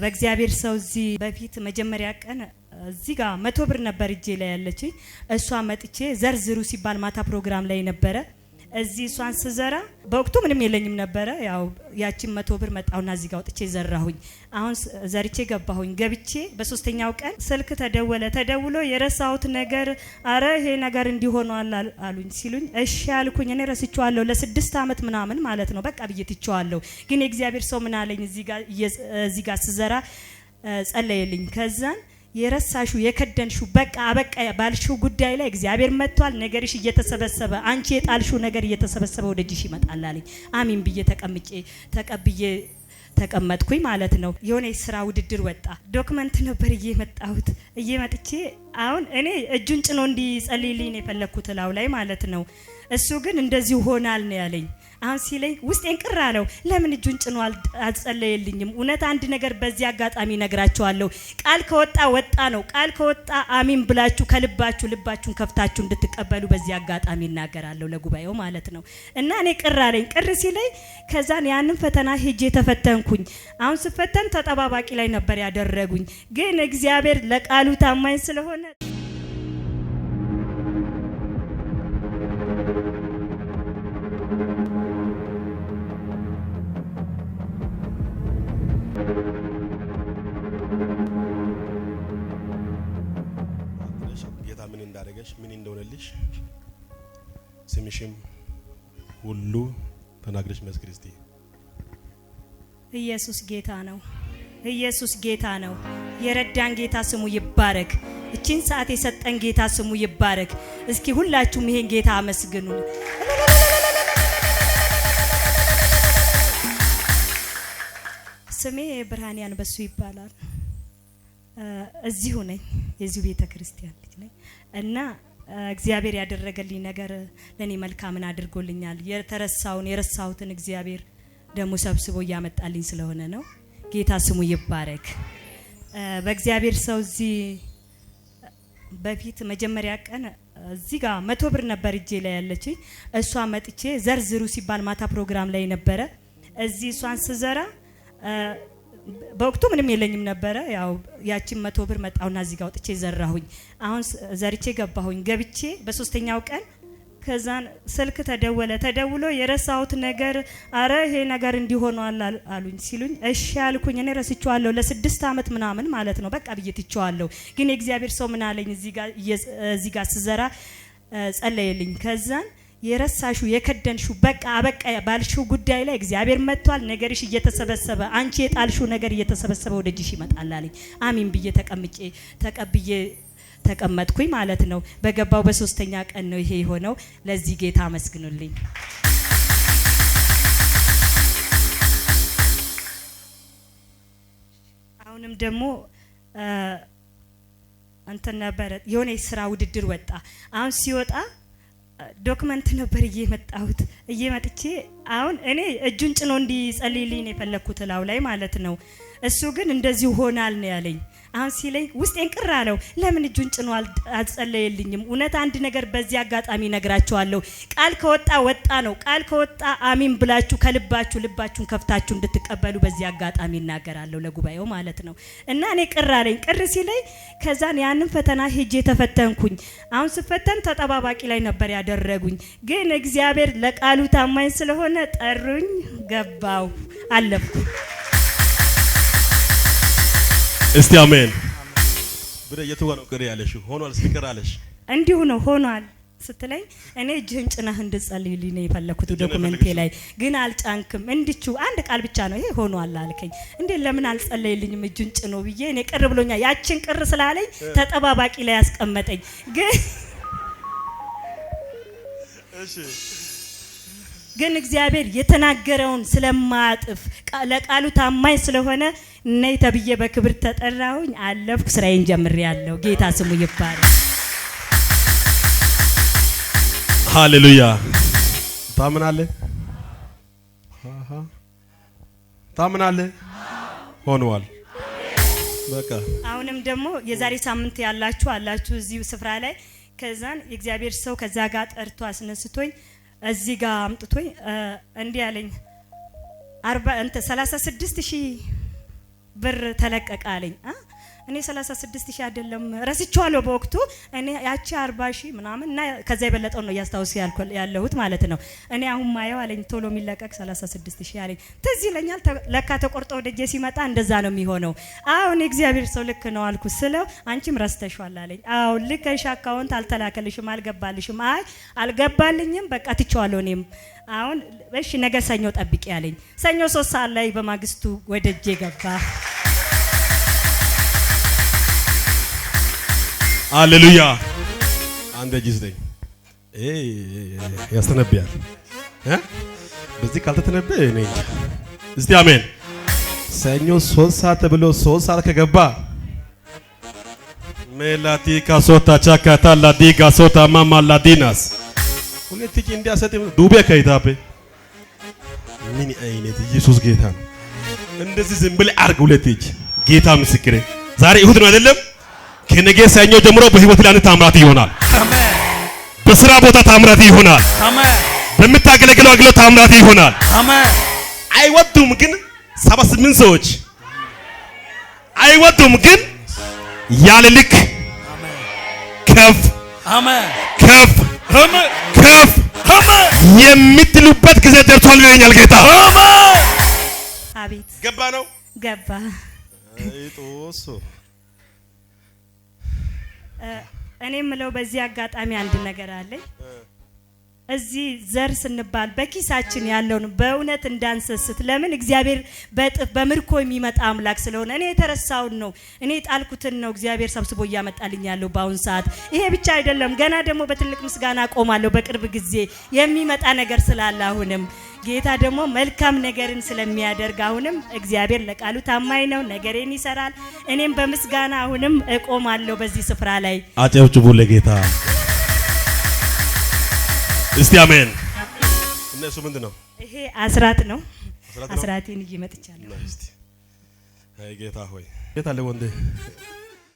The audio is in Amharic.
በእግዚአብሔር ሰው እዚህ በፊት መጀመሪያ ቀን እዚህ ጋር መቶ ብር ነበር እጄ ላይ ያለችኝ። እሷ መጥቼ ዘርዝሩ ሲባል ማታ ፕሮግራም ላይ ነበረ እዚህ እሷን ስዘራ በወቅቱ ምንም የለኝም ነበረ። ያው ያቺን መቶ ብር መጣውና እዚህ ጋር ወጥቼ ዘራሁኝ። አሁን ዘርቼ ገባሁኝ። ገብቼ በሶስተኛው ቀን ስልክ ተደወለ። ተደውሎ የረሳሁት ነገር አረ ይሄ ነገር እንዲሆኗል አሉኝ። ሲሉኝ እሺ አልኩኝ። እኔ ረስቼዋለሁ ለስድስት ዓመት ምናምን ማለት ነው። በቃ ብዬ ትቼዋለሁ። ግን የእግዚአብሔር ሰው ምን አለኝ እዚህ ጋር ስዘራ ጸለየልኝ። ከዛን የረሳሹ የከደንሹ በቃ አበቃ ባልሹ ጉዳይ ላይ እግዚአብሔር መጥቷል። ነገርሽ እየተሰበሰበ አንቺ የጣልሹ ነገር እየተሰበሰበ ወደ እጅሽ ይመጣል አለኝ። አሚን ብዬ ተቀምጬ ተቀብዬ ተቀመጥኩኝ ማለት ነው። የሆነ የስራ ውድድር ወጣ። ዶክመንት ነበር እየመጣሁት እየመጥቼ አሁን እኔ እጁን ጭኖ እንዲጸልይልኝ የፈለግኩት እላው ላይ ማለት ነው። እሱ ግን እንደዚህ ሆናል ነው ያለኝ። አሁን ሲለኝ ውስጤን ቅር አለው። ለምን እጁን ጭኖ አልጸለየልኝም? እውነት አንድ ነገር በዚህ አጋጣሚ ነግራችኋለሁ። ቃል ከወጣ ወጣ ነው። ቃል ከወጣ አሚን ብላችሁ ከልባችሁ ልባችሁን ከፍታችሁ እንድትቀበሉ በዚህ አጋጣሚ እናገራለሁ፣ ለጉባኤው ማለት ነው። እና እኔ ቅር አለኝ። ቅር ሲለኝ ከዛን ያንን ፈተና ሄጄ ተፈተንኩኝ። አሁን ስፈተን ተጠባባቂ ላይ ነበር ያደረጉኝ፣ ግን እግዚአብሔር ለቃሉ ታማኝ ስለሆነ ፈለገሽ ምን እንደሆነልሽ ስምሽም ሁሉ ተናግረሽ መስክሪ እስቲ። ኢየሱስ ጌታ ነው። ኢየሱስ ጌታ ነው። የረዳን ጌታ ስሙ ይባረክ። እቺን ሰዓት የሰጠን ጌታ ስሙ ይባረክ። እስኪ ሁላችሁም ይሄን ጌታ አመስግኑ። ስሜ ብርሃንያን በሱ ይባላል። እዚሁ ነኝ። የዚሁ ቤተ ክርስቲያን ልጅ ነኝ እና እግዚአብሔር ያደረገልኝ ነገር ለእኔ መልካምን አድርጎልኛል። የተረሳውን የረሳሁትን እግዚአብሔር ደግሞ ሰብስቦ እያመጣልኝ ስለሆነ ነው። ጌታ ስሙ ይባረክ። በእግዚአብሔር ሰው እዚህ በፊት መጀመሪያ ቀን እዚህ ጋር መቶ ብር ነበር እጄ ላይ ያለችኝ። እሷ መጥቼ ዘርዝሩ ሲባል ማታ ፕሮግራም ላይ ነበረ። እዚህ እሷን ስዘራ በወቅቱ ምንም የለኝም ነበረ። ያው ያቺን መቶ ብር መጣውና እዚህ ጋር ወጥቼ ዘራሁኝ። አሁን ዘርቼ ገባሁኝ። ገብቼ በሶስተኛው ቀን ከዛን ስልክ ተደወለ። ተደውሎ የረሳሁት ነገር አረ ይሄ ነገር እንዲሆኗል አሉኝ። ሲሉኝ እሺ አልኩኝ። እኔ ረስቼዋለሁ ለስድስት ዓመት ምናምን ማለት ነው። በቃ ብዬ ትቼዋለሁ። ግን የእግዚአብሔር ሰው ምን አለኝ? እዚህ ጋር ስዘራ ጸለየልኝ። ከዛን የረሳሹ የከደንሹ በቃ አበቃ ባልሽው ጉዳይ ላይ እግዚአብሔር መጥቷል። ነገርሽ እየተሰበሰበ አንቺ የጣልሽው ነገር እየተሰበሰበ ወደ እጅሽ ይመጣል አለኝ። አሚን ብዬ ተቀምጬ ተቀብዬ ተቀመጥኩኝ ማለት ነው። በገባው በሶስተኛ ቀን ነው ይሄ የሆነው። ለዚህ ጌታ አመስግኑልኝ። አሁንም ደግሞ እንትን ነበረ የሆነ የስራ ውድድር ወጣ። አሁን ሲወጣ ዶክመንት ነበር እየመጣሁት እየመጥቼ አሁን እኔ እጁን ጭኖ እንዲጸልይልኝ ነው የፈለግኩት ላው ላይ ማለት ነው። እሱ ግን እንደዚሁ ሆናል ነው ያለኝ። አሁን ሲለይ ውስጤን ቅር አለው። ለምን እጁን ጭኖ አልጸለየልኝም? እውነት አንድ ነገር በዚህ አጋጣሚ ነግራችኋለሁ። ቃል ከወጣ ወጣ ነው። ቃል ከወጣ አሚን ብላችሁ ከልባችሁ ልባችሁን ከፍታችሁ እንድትቀበሉ በዚህ አጋጣሚ እናገራለሁ፣ ለጉባኤው ማለት ነው። እና እኔ ቅር አለኝ። ቅር ሲለይ ከዛን ያንን ፈተና ሄጄ ተፈተንኩኝ። አሁን ስፈተን ተጠባባቂ ላይ ነበር ያደረጉኝ። ግን እግዚአብሔር ለቃሉ ታማኝ ስለሆነ ጠሩኝ፣ ገባው፣ አለፍኩ። እስቲ አሜን ብለ የትዋ ነው ቅር ያለሽ? ሆኗል ስፒከር አለሽ እንዲሁ ነው ሆኗል ስትለኝ እኔ እጅህን ጭነህ እንድጸልይልኝ ነው የፈለኩት። ዶኩመንቴ ላይ ግን አልጫንክም። እንድቹ አንድ ቃል ብቻ ነው ይሄ ሆኗል አልከኝ። እንዴ ለምን አልጸለይልኝም እጅን ጭኖ ብዬ እኔ ቅር ብሎኛል። ያችን ቅር ስላለኝ ተጠባባቂ ላይ ያስቀመጠኝ ግን እሺ ግን እግዚአብሔር የተናገረውን ስለማያጥፍ ለቃሉ ታማኝ ስለሆነ እነይ ተብዬ በክብር ተጠራሁኝ፣ አለፍኩ፣ ስራዬን ጀምሬያለሁ። ጌታ ስሙ ይባረክ። ሃሌሉያ። ታምናለህ? ታምናለህ? ሆኗል። በቃ አሁንም ደግሞ የዛሬ ሳምንት ያላችሁ አላችሁ እዚሁ ስፍራ ላይ ከዛን የእግዚአብሔር ሰው ከዛ ጋር ጠርቶ አስነስቶኝ እዚህ ጋር አምጥቶኝ እንዲህ ያለኝ ሰላሳ ስድስት ሺህ ብር ተለቀቀ አለኝ። እኔ 36 ሺህ አይደለም ረስቼዋለሁ። በወቅቱ እኔ ያቺ 40 ሺህ ምናምን እና ከዛ የበለጠው ነው እያስታውስ ያለሁት ማለት ነው። እኔ አሁን ማየው አለኝ ቶሎ የሚለቀቅ 36 ሺህ አለኝ። ትዝ ይለኛል። ለካ ተቆርጦ ወደጄ ሲመጣ እንደዛ ነው የሚሆነው። እኔ እግዚአብሔር ሰው ልክ ነው አልኩ ስለው አንቺም ረስተሽዋል አለኝ። አዎ ልከሽ አካውንት አልተላከልሽም፣ አልገባልሽም። አይ አልገባልኝም፣ በቃ ትቼዋለሁ እኔም አሁን እሺ ነገ ሰኞ ጠብቂ አለኝ። ሰኞ ሶስት ሰዓት ላይ በማግስቱ ወደጄ ገባ። አሌሉያ። አንድ እጅ ስጠኝ። ያስተነብያል። በዚህ ካልተተነበየ እኔ እንጃ። እስቲ አሜን። ሰኞ ሶስት ሰዓት ተብሎ ሶስት ሰዓት ከገባ ሜላቲ ካሶታ ቻካታ ላዲ ጋሶታ ማማ ላዲናስ ሁለት እጅ እንዲያሰጥ ዱቤ ምን አይነት ኢየሱስ ጌታ ነው። እንደዚህ ዝም ብለህ አድርግ። ሁለት እጅ ጌታ ምስክሬ ዛሬ ይሁድ ነው አይደለም ከነገ ሰኞ ጀምሮ በህይወት ላይ ታምራት ይሆናል። በስራ ቦታ ታምራት ይሆናል። በምታገለግለው አገልግሎት ታምራት ይሆናል። አይወዱም ግን ሰባ ስምንት ሰዎች አይወዱም ግን ያለ ልክ ከፍ ከፍ ከፍ የምትሉበት ጊዜ ደርሷል ይለኛል ጌታ። አቤት ገባ ነው ገባ እኔ የምለው በዚህ አጋጣሚ አንድ ነገር አለኝ። እዚህ ዘር ስንባል በኪሳችን ያለውን በእውነት እንዳንሰስት። ለምን እግዚአብሔር በጥፍ በምርኮ የሚመጣ አምላክ ስለሆነ እኔ የተረሳውን ነው እኔ የጣልኩትን ነው እግዚአብሔር ሰብስቦ እያመጣልኝ ያለው በአሁን ሰዓት። ይሄ ብቻ አይደለም፣ ገና ደግሞ በትልቅ ምስጋና ቆማለሁ። በቅርብ ጊዜ የሚመጣ ነገር ስላለ አሁንም ጌታ ደግሞ መልካም ነገርን ስለሚያደርግ አሁንም እግዚአብሔር ለቃሉ ታማኝ ነው፣ ነገሬን ይሰራል። እኔም በምስጋና አሁንም እቆማለሁ በዚህ ስፍራ ላይ። አጨብጭቡ ለጌታ እስቲ አሜን። እነሱ ምንድን ነው ይሄ አስራት ነው። አስራቴን ይዤ ጌታ ሆይ ጌታ ለወንዴ